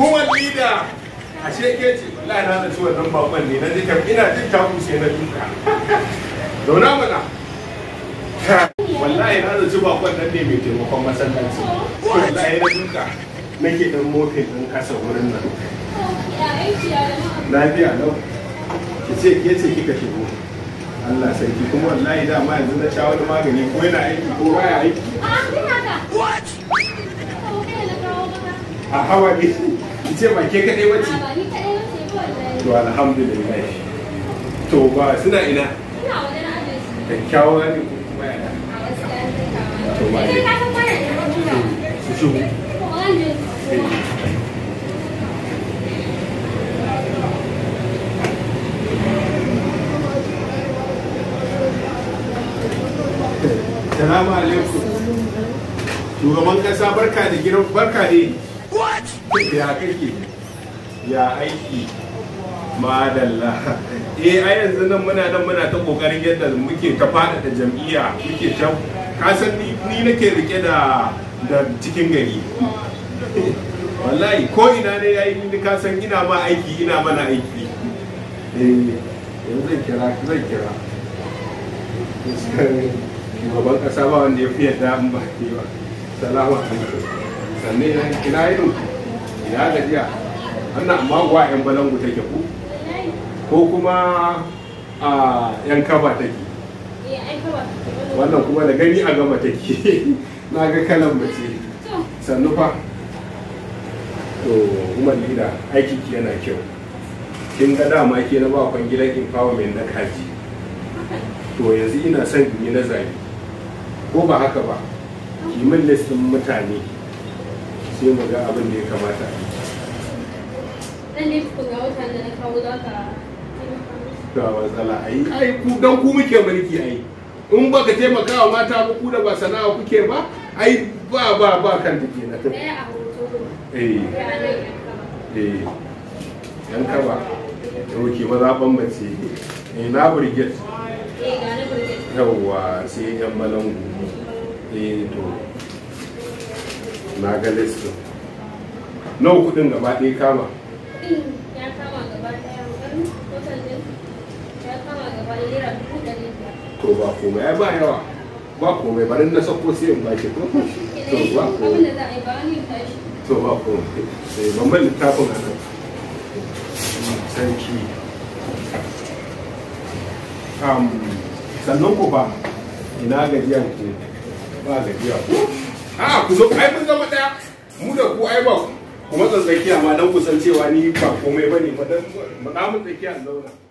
Kuma da ashe ke ce wallahi na zaci wannan bakon ne na ji ina jin ta kushe na duka zauna mana wallahi na zaci bakon nan ne mai taimakon masallaci wallahi na duka nake dan mofin din kasa wurin nan lafiya lau ki ce ke ce kika shigo Allah sarki kuma wallahi dama yanzu na sha wani magani ko yana aiki ko baya aiki ah, a hawa ne ki ce ba ke kaɗai wace ba ni kadai wace kawai to alhamdulillah to ba suna ina ina wajen ne ko kuma yana to ba ne su shi Salamu alaikum. Shugaban kasa barka da barka ne. ya kake ya aiki madalla eh a yanzu nan muna nan muna ta kokarin yadda muke ta faɗaɗa jam'iyya muke ta Ka san ni nake rike da da cikin gari wallahi ko ina ne yayi ni ka san ina ma aiki ina mana aiki eh yanzu zan kira zan kira shugaban kasa ba wanda ya fi yadda an ba ke ba salamu alaikum sannan ina yi ya gajiya wannan amma kuwa yan balangu take ku ko kuma a yan kaba take wannan kuma da gani a gama take na ga kalan mace sannu fa to umar lida aiki ki yana kyau kin ga dama ke na ba kwan gidan empowerment na kaji to yanzu ina son na zabi ko ba haka ba kimin listin mutane sai mu ga abin da ya kamata a yi ga matsala a yi ai ku dan ku muke mulki a yi in baka taimaka wa mata ba ku da ba sana'a kuke ba ai ba ba ba kan da ke na ta eh eh yan kaba roki mazaɓan mace eh na brigade eh, yawwa sai yan malangu eh to na ga listin nawa kudin gaba ɗaya kama ya kama gaba ɗaya ya kama gaba naira to ba komai ai ba yawa ba komai bari na sako sai in baki ko to ba komai da to ba komai sai ban ban littafin a nan sarki sannan ku ba ina gajiyar ke ba gajiya ko a ku zo ai mun zama daya mu da ku ai ba ku kuma tsakiya ma dan kusancewa ni ba komai bane ba dan mu tsakiya zauna